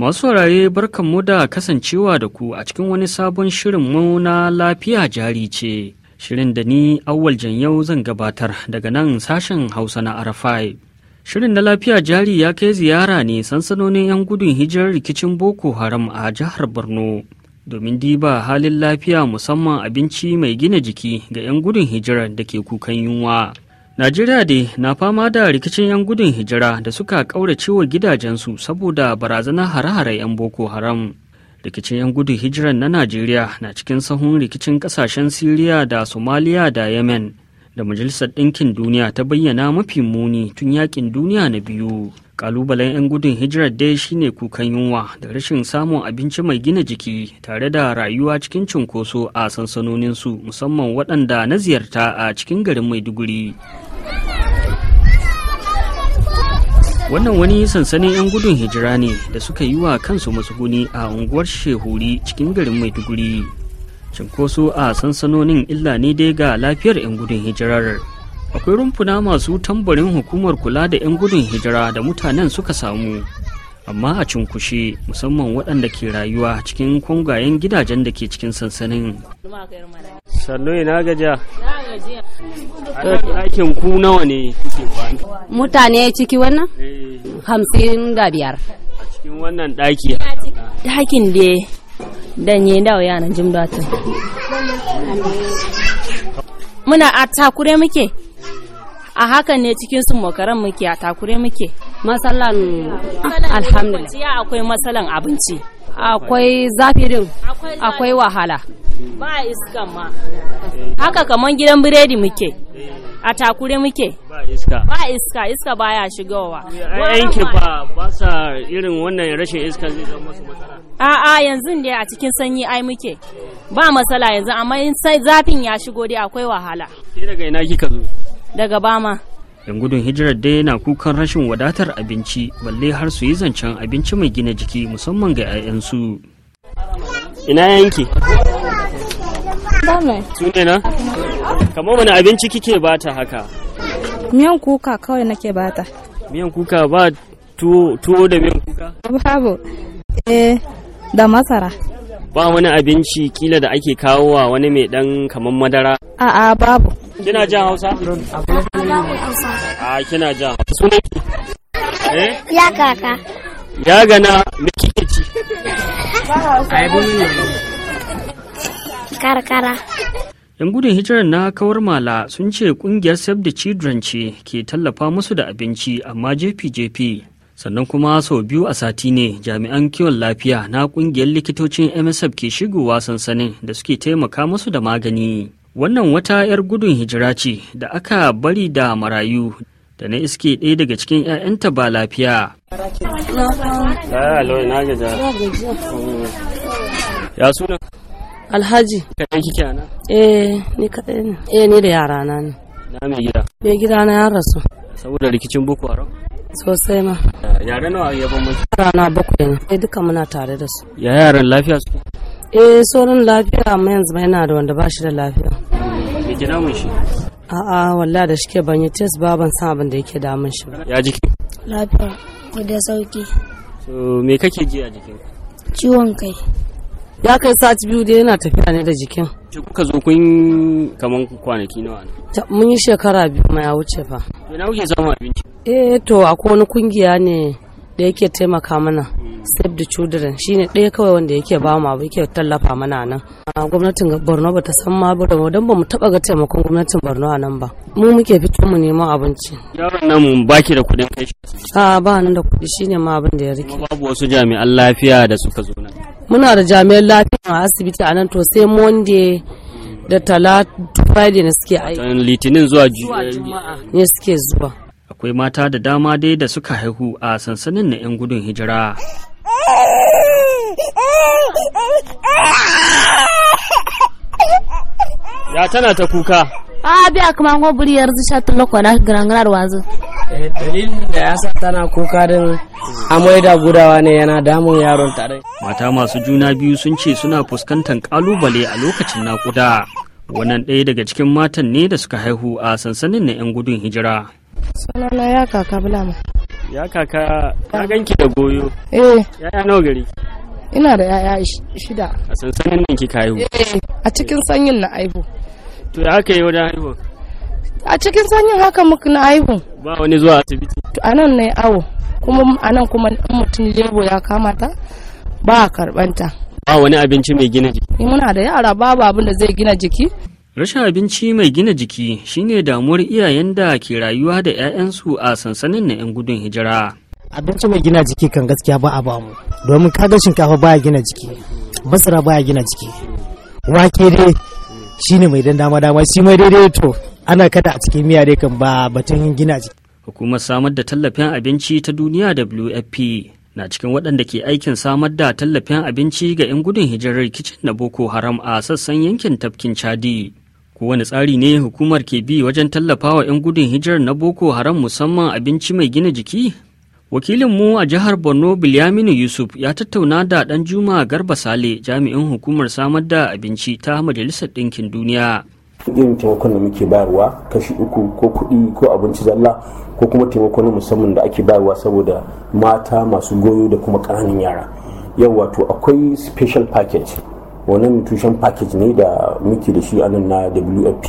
Masu barkan mu da kasancewa da ku a cikin wani sabon shirin mu na lafiya jari ce. Shirin da ni awwal yau zan gabatar daga nan sashen Hausa na Arafai. Shirin na lafiya jari ya kai ziyara ne sansanonin 'yan gudun hijirar rikicin Boko Haram a jihar Borno. Domin diba halin lafiya musamman abinci mai gina jiki ga 'yan gudun hijirar da ke kukan yunwa. Najeriya dai na fama da rikicin 'yan gudun hijira da suka ƙaurace wa gidajensu saboda barazanar hare-hare 'yan Boko Haram. Rikicin 'yan gudun hijiran na Najeriya na cikin sahun rikicin ƙasashen Siriya da Somalia da Yemen da majalisar ɗinkin duniya ta bayyana mafi muni tun yakin duniya na biyu ƙalubalen 'yan gudun hijirar dai shine kukan yunwa da rashin samun abinci mai gina jiki tare da rayuwa cikin cunkoso a sansanoninsu musamman waɗanda na ziyarta a cikin garin maiduguri wannan wani sansanin 'yan gudun hijira ne da suka yi wa kansu matsuguni a unguwar shehuri cikin garin maiduguri cinkoso a sansanonin illa ne dai ga lafiyar 'yan gudun hijirar akwai rumfuna masu tambarin hukumar kula da 'yan gudun hijira da mutanen suka samu amma a cinkushe musamman waɗanda ke rayuwa cikin kwangayen gidajen da ke cikin sansanin sannu ina gajiya eh, ɗakin ku nawa ne mutane ciki wannan eh. hamsin da biyar a cikin wannan ɗaki ɗakin dai Dan danye dawo yana jin datin muna a takure muke a hakan ne cikin sun mokaran muke a takure muke matsalan alhamdulillah akwai matsalan abinci akwai zafirin akwai wahala ba iskan ma haka kaman gidan biredi muke a takure muke iska ba iska iska baya shigowa yanki ba ba sa irin wannan rashin iska zai zama masu matsala a'a yanzu dai a cikin sanyi ai muke ba matsala yanzu amma sai zafin ya shigo dai akwai wahala ke daga ina kika zo daga bama yan gudun hijirar dai na kukan rashin wadatar abinci balle har su yi zancen abinci mai gina jiki musamman ga 'ya'yansu ina yanki Su ne na? Kamar wani abinci kike bata haka? Miyan kuka kawai nake bata. Miyan kuka ba tuwo da miyan kuka? Babu. Eh, da masara. Ba wani abinci kila da ake kawo wa wani mai dan kamar madara? A'a babu. Kina jan Hausa? A ah, kina jan Hausa. Sunan ki? Eh? Ya kaka. Ya gana me kike ci? Karkara. 'yan gudun hijirar na kawar mala sun ce kungiyar save the children ce ke tallafa musu da abinci amma jefi-jefi sannan kuma sau biyu a sati ne jami'an kiwon lafiya na kungiyar likitocin msf ke shigowa sansanin da suke taimaka musu da magani wannan wata 'yar gudun hijira ce da aka bari da marayu da na iske ɗaya daga cikin 'ya'yanta ba lafiya ya suna Alhaji. Kaɗai kike ana? Eh, ni kaɗai ne. Eh, ni da yara na ne. Na mai gida? Mai gida na ya rasu. Saboda rikicin Boko Haram? Sosai ma. Eh, yare nawa ya mu Yara na bakwai ne. Sai duka muna tare da su. Ya yaran lafiya su? Eh, sauran lafiya amma yanzu mai yana da wanda ba shi da lafiya. Me ke damun shi? A'a, wallahi da shike ban yi test ba ban san abin da yake damun shi ba. Ya jiki? Lafiya, da sauki. So me kake ji a jikin? Ciwon kai. ya kai sati biyu da yana tafiya ne da jikin ce kuka zo kun kaman kwanaki nawa ne mun yi shekara biyu ma ya wuce fa to kuke samun abinci eh to akwai wani kungiya ne da yake taimaka mana save the children shine ɗaya kawai wanda yake ba mu abu yake tallafa mana nan gwamnatin borno ba ta san ma ba don ba mu taba ga taimakon gwamnatin borno a nan ba mu muke fito mu neman abinci yaron nan mu baki da kuɗin kai a ba nan da kuɗi shine ma abin da ya rike babu wasu jami'an lafiya da suka zo nan muna da jami'an lafiya a asibiti a nan to sai monday da talatu friday ne suke aiki litinin zuwa juma'a ne suke zuwa akwai mata da dama dai da suka haihu a sansanin na 'yan gudun hijira ya tana ta kuka a ah, biya kuma ngo buri yanzu sha tullo ko da garangar wazo eh dalilin da yasa tana kuka din amai da gudawa ne yana damun yaron tare mata masu juna biyu sun ce suna fuskantar kalubale a lokacin nakuda wannan ɗaya daga cikin matan ne da suka haihu a sansanin na 'yan gudun hijira sanana ya kaka bulama ya kaka ta ganki da goyo eh yaya nawa gari ina da yaya shida a sansanin nan kika haihu eh, a cikin sanyin na haihu to ya aka yi wajen haihu a cikin sanyin haka muka na haihu ba wani zuwa asibiti a nan na awo kuma a nan kuma mutum lebo ya kamata ba a karbanta ba wani abinci mai gina jiki muna da yara babu abin da zai gina jiki Rashin abinci mai gina jiki shine damuwar iyayen da ke rayuwa da 'ya'yansu a sansanin na 'yan gudun hijira. Abinci mai gina jiki kan gaskiya ba a bamu. domin kaga shinkafa baya gina jiki basira baya gina jiki wake dai shine mai dan dama dama shi mai daidai to ana kada a cikin miya dai kan ba batun gina jiki hukumar samar da tallafin abinci ta duniya WFP na cikin waɗanda ke aikin samar da tallafin abinci ga 'yan gudun hijirar kicin na boko haram a sassan yankin tafkin chadi kowane tsari ne hukumar ke bi wajen tallafawa 'yan gudun hijirar na boko haram musamman abinci mai gina jiki wakilin mu a jihar Borno Bilyaminu Yusuf ya tattauna da ɗan Juma Garba Sale jami'in hukumar samar da abinci ta Majalisar Ɗinkin Duniya. Irin taimakon da muke bayarwa kashi uku ko kuɗi ko abinci zalla ko kuma taimakon na musamman da ake bayarwa saboda mata masu goyo da kuma ƙananan yara. Yau wato akwai special package wannan nutrition package ne da muke da shi a nan na WFP.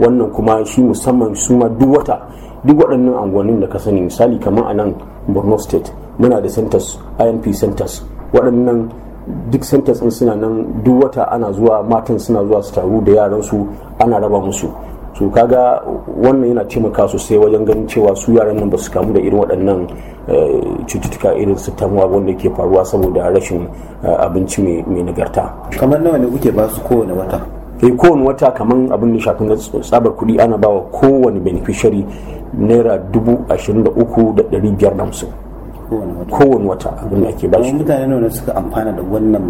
Wannan kuma shi musamman su ma duk wata duk waɗannan angonin da ka sani misali kamar a nan borno state muna da centers imp centers waɗannan duk centers ɗin suna nan duk wata ana zuwa matan suna zuwa su taru da yaran su ana raba musu su kaga wannan yana taimaka sosai wajen ganin cewa su yaran nan ba su kamu da irin waɗannan eh, cututtuka irin su tamuwa wanda ke faruwa saboda rashin eh, abinci mai nagarta kamar nawa ne kuke ba su kowane wata eh kowane wata kamar abin da shafin tsabar kuɗi ana bawa kowane beneficiary naira dubu ashirin da uku da ɗari biyar da hamsin kowane wata abin da ake bashi mutane ne suka amfana da wannan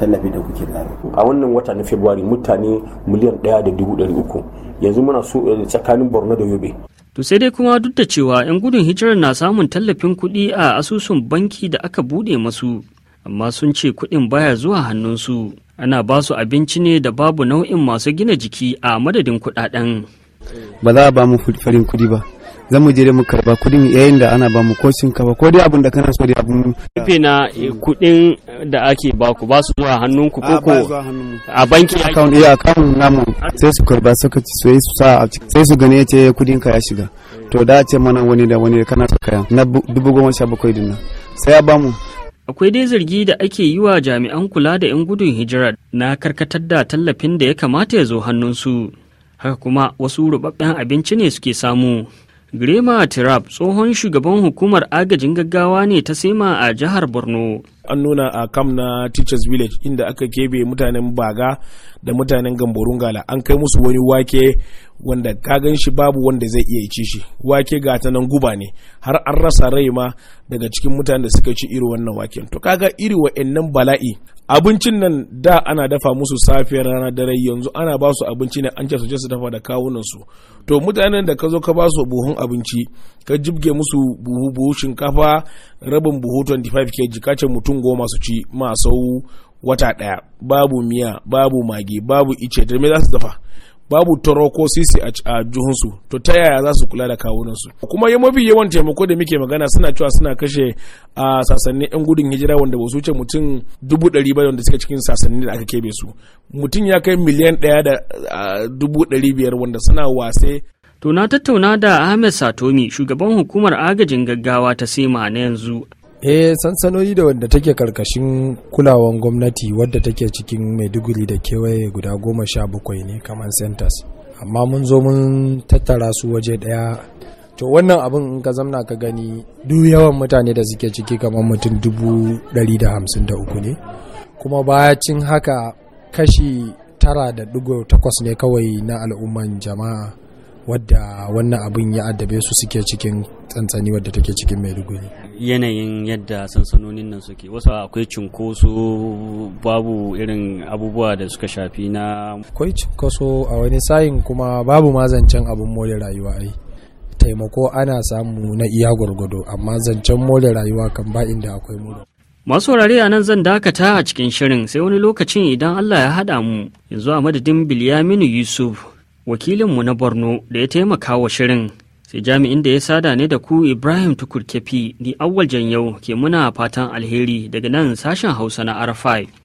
tallafi da kuke da a wannan wata na february mutane miliyan ɗaya da dubu ɗari uku yanzu muna so eh, tsakanin borno da yobe To sai dai kuma duk da cewa 'yan gudun hijirar na samun tallafin kuɗi a asusun banki da aka buɗe masu, amma sun ce kuɗin baya zuwa hannunsu. Ana ba su abinci ne da babu nau'in masu gina jiki a madadin kuɗaɗen. Ba za a ba mu farin kuɗi ba, za mu je da mu karba kudin yayin da ana ba mu ko shinkafa ko dai abin da kana so da abin rufe na eh, kudin da ake ba ku ba su zuwa hannun ku ko a banki account iya account namu sai su karba suka ci sai su sa a ciki sai su gane yace kudin ka ya shiga to da ce mana wani da wani kana ta kaya na dubu goma sha bakwai din nan sai ya ba mu akwai dai zargi da ake yi wa jami'an kula da 'yan gudun hijira na karkatar da tallafin da ya kamata ya zo hannunsu haka kuma wasu rubabben abinci ne suke samu Grema Tirab tsohon shugaban hukumar agajin gaggawa ne ta sema a jihar Borno. An nuna a kam na Teachers Village inda aka kebe mutanen Baga da mutanen Gamborungala an kai musu wani wake wanda ka gan shi babu wanda zai iya ci shi wake ga ta nan guba ne har an rasa rai ma daga cikin mutanen da suka ci iri wannan waken to kaga iri wa'annan bala'i abincin nan da ana dafa musu safiyar rana dare yanzu ana ba su abinci ne an ce su je su dafa da kawunan su to mutanen da ka zo ka ba su buhun abinci ka jibge musu buhu buhu shinkafa rabin buhu 25 kg ka ce mutum goma su ci masau wata daya babu miya babu mage babu ice da me za su dafa babu taro ko sisi a juhunsu to ta yaya za su kula da kawunansu kuma ya mafi yawan taimako da muke magana suna cewa suna kashe a sasannin yan gudun hijira wanda ba su wuce mutum dubu ɗari ba wanda suka cikin sasannin da aka kebe su mutum ya kai miliyan ɗaya da dubu ɗari biyar wanda suna wase To na tattauna da Ahmed Satomi shugaban hukumar agajin gaggawa ta Sema na yanzu eh sansanoni da wanda take karkashin kulawan gwamnati wadda take cikin maiduguri da kewaye guda goma sha bakwai ne kamar centers amma mun zo mun tattara su waje daya to wannan abin in ka zamna ka gani duk yawan mutane da suke ciki kamar mutum dubu dari da hamsin da uku ne kuma bayacin haka kashi tara da digo takwas ne kawai na al'umman jama'a wadda wannan abin ya addabe su suke cikin tsantsani wadda take cikin maiduguri yanayin yadda sansanonin nan suke wasu akwai cinkoso babu irin abubuwa da suka shafi na akwai cinkoso a wani sayin kuma babu mazancen abin more rayuwa ai taimako ana samu na iya gwargwado amma zancen more rayuwa kan ba inda akwai more Masu wurare a nan zan dakata a cikin shirin sai wani lokacin idan Allah ya haɗa mu yanzu a madadin Bilyaminu Yusuf wakilinmu na borno da ya taimaka wa shirin sai jami'in da ya sada ne da ku ibrahim tukur kefi ni awal yau ke muna fatan alheri daga nan sashen hausa na arafai